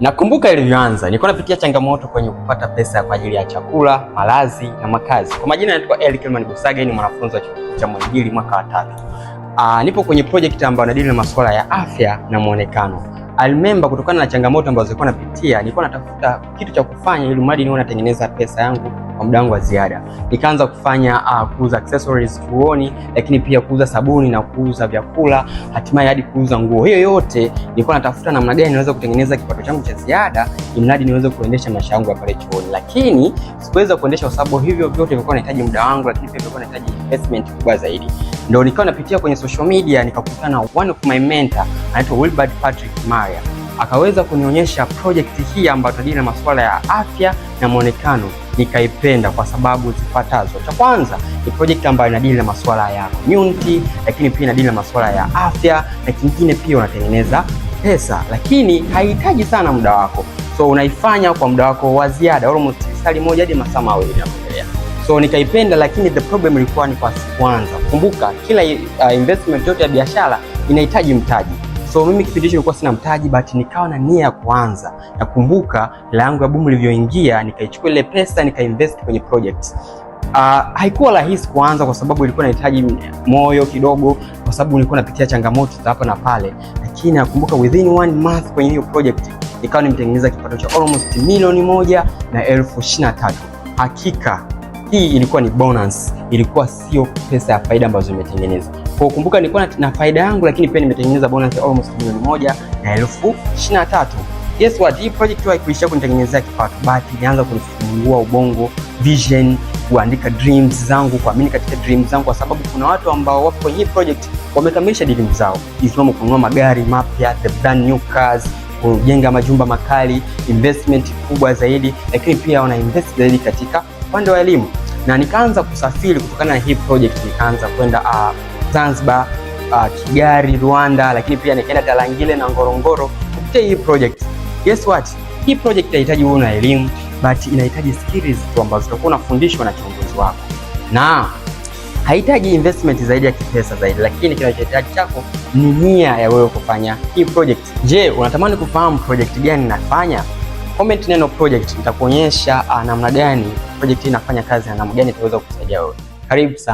Nakumbuka ilivyoanza, nilikuwa napitia changamoto kwenye kupata pesa kwa ajili ya chakula, malazi na makazi. Kwa majina naitwa Eric Kilman Busage, ni mwanafunzi wa chuo cha Muhimbili mwaka wa tatu. Aa, ah, nipo kwenye project ambayo nadili na masuala ya afya na muonekano. I remember kutokana na changamoto ambazo nilikuwa napitia, nilikuwa natafuta kitu cha kufanya ili mradi niwe natengeneza pesa yangu kwa muda wangu wa ziada. Nikaanza kufanya uh, kuuza accessories chuoni, lakini pia kuuza sabuni na kuuza vyakula, hatimaye hadi kuuza nguo. Hiyo yote nilikuwa natafuta namna gani naweza kutengeneza kipato changu cha ziada, ili mradi niweze kuendesha maisha yangu ya pale chuoni, lakini sikuweza kuendesha kwa sababu hivyo vyote vilikuwa vinahitaji muda wangu, lakini pia vilikuwa vinahitaji investment kubwa zaidi. Ndio nikawa napitia kwenye social media nikakutana one of my mentor anaitwa Wilbert Patrick Maria akaweza kunionyesha project hii ambayo tunadili na masuala ya afya na mwonekano, nikaipenda kwa sababu zifuatazo. Cha kwanza ni project ambayo inadili na masuala ya community, lakini pia inadili na masuala ya afya, na kingine pia unatengeneza pesa, lakini haihitaji sana muda wako, so unaifanya kwa muda wako wa ziada, almost sali moja hadi masaa mawili nakuendelea so nikaipenda, lakini the problem ilikuwa ni kwa kwanza. Kumbuka kila uh, investment yote ya biashara inahitaji mtaji So mimi kipindi hicho nilikuwa sina mtaji, but nikawa na nia ya kuanza. Nakumbuka hela yangu ya bumu ilivyoingia, nikaichukua ile pesa nikainvest kwenye project. Uh, haikuwa rahisi kuanza kwa sababu ilikuwa inahitaji moyo kidogo, kwa sababu nilikuwa napitia changamoto za hapa na pale, lakini nakumbuka within one month kwenye hiyo project nikawa nimetengeneza kipato cha almost milioni moja na elfu ishirini na tatu. Hakika hii ilikuwa ni bonus, ilikuwa sio pesa ya faida ambazo nimetengeneza. Kwa kumbuka, nilikuwa na faida yangu, lakini pia nimetengeneza bonus ya almost milioni moja na elfu ishirini na tatu. Guess what, hii project haikuishia kunitengenezea kipato, but ilianza kunifungua ubongo, vision, kuandika dreams zangu, kuamini katika dreams zangu, kwa sababu kuna watu ambao wapo kwenye hii project wamekamilisha dreams zao, ikiwemo kununua magari mapya, the brand new cars kujenga majumba makali, investment kubwa zaidi, lakini pia wana invest zaidi katika upande wa elimu na nikaanza kusafiri kutokana na hii project, nikaanza kwenda uh, Zanzibar uh, Kigali, Rwanda, lakini pia nikaenda Tarangire na Ngorongoro kupitia hii project. Guess what, hii project inahitaji wewe una elimu but inahitaji skills tu ambazo utakuwa unafundishwa na kiongozi wako, na haihitaji investment zaidi ya kipesa zaidi, lakini kinachohitaji chako ni nia ya wewe kufanya hii project. Je, unatamani kufahamu project gani nafanya? Comment neno project, nitakuonyesha ah, namna gani project inafanya kazi na namna gani itaweza kukusaidia wewe. Karibu sana.